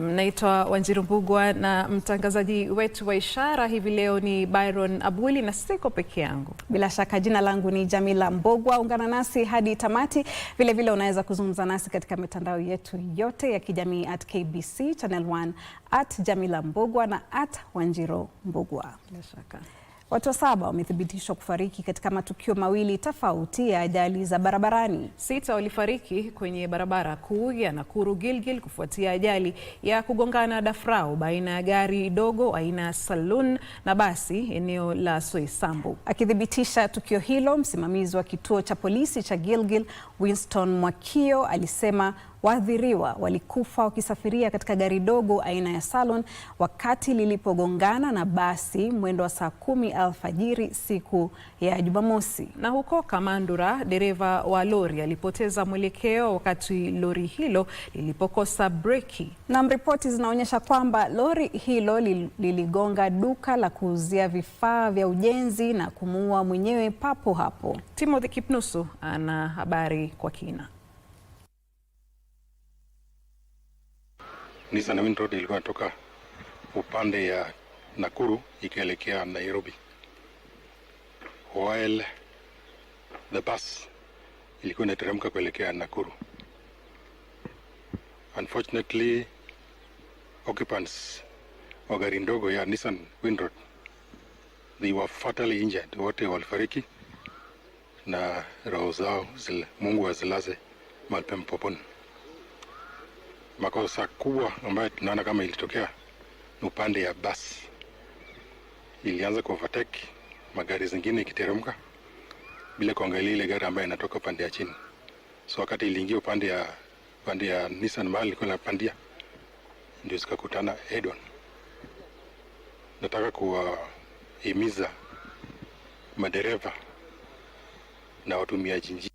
Mnaitwa Wanjiru Mbugwa na mtangazaji wetu wa ishara hivi leo ni Byron Abwili na siko peke yangu. Bila shaka jina langu ni Jamila Mbogwa. Ungana nasi hadi tamati. Vile vile unaweza kuzungumza nasi katika mitandao yetu yote ya kijamii at KBC Channel 1 at Jamila Mbogwa na at Wanjiru Mbugwa. Bila shaka. Watu saba wamethibitishwa kufariki katika matukio mawili tofauti ya ajali za barabarani. Sita walifariki kwenye barabara kuu ya Nakuru Gilgil kufuatia ajali ya kugongana dafrau baina ya gari dogo aina ya Saloon na basi eneo la Soisambu. Akithibitisha tukio hilo, msimamizi wa kituo cha polisi cha Gilgil, Winston Mwakio, alisema Waathiriwa walikufa wakisafiria katika gari dogo aina ya Salon wakati lilipogongana na basi mwendo wa saa kumi alfajiri siku ya Jumamosi. Na huko Kamandura, dereva wa lori alipoteza mwelekeo wakati lori hilo lilipokosa breki. Nam, ripoti zinaonyesha kwamba lori hilo liligonga duka la kuuzia vifaa vya ujenzi na kumuua mwenyewe papo hapo. Timothy Kipnusu ana habari kwa kina. Nissan Main Road ilikuwa inatoka upande ya Nakuru ikielekea Nairobi, while the bus ilikuwa inateremka kuelekea Nakuru. Unfortunately, occupants wa gari ndogo ya Nissan Windroad they were fatally injured, wote walifariki na roho zao zile, Mungu azilaze mahali pema peponi. Makosa kubwa ambayo tunaona kama ilitokea ni upande ya basi, ilianza ku overtake magari zingine ikiteremka bila kuangalia ile gari ambayo inatoka upande ya chini. So wakati iliingia upande ya upande ya Nissan mahali ilikuwa inapandia, ndio zikakutana edon Nataka kuwahimiza madereva na watumiaji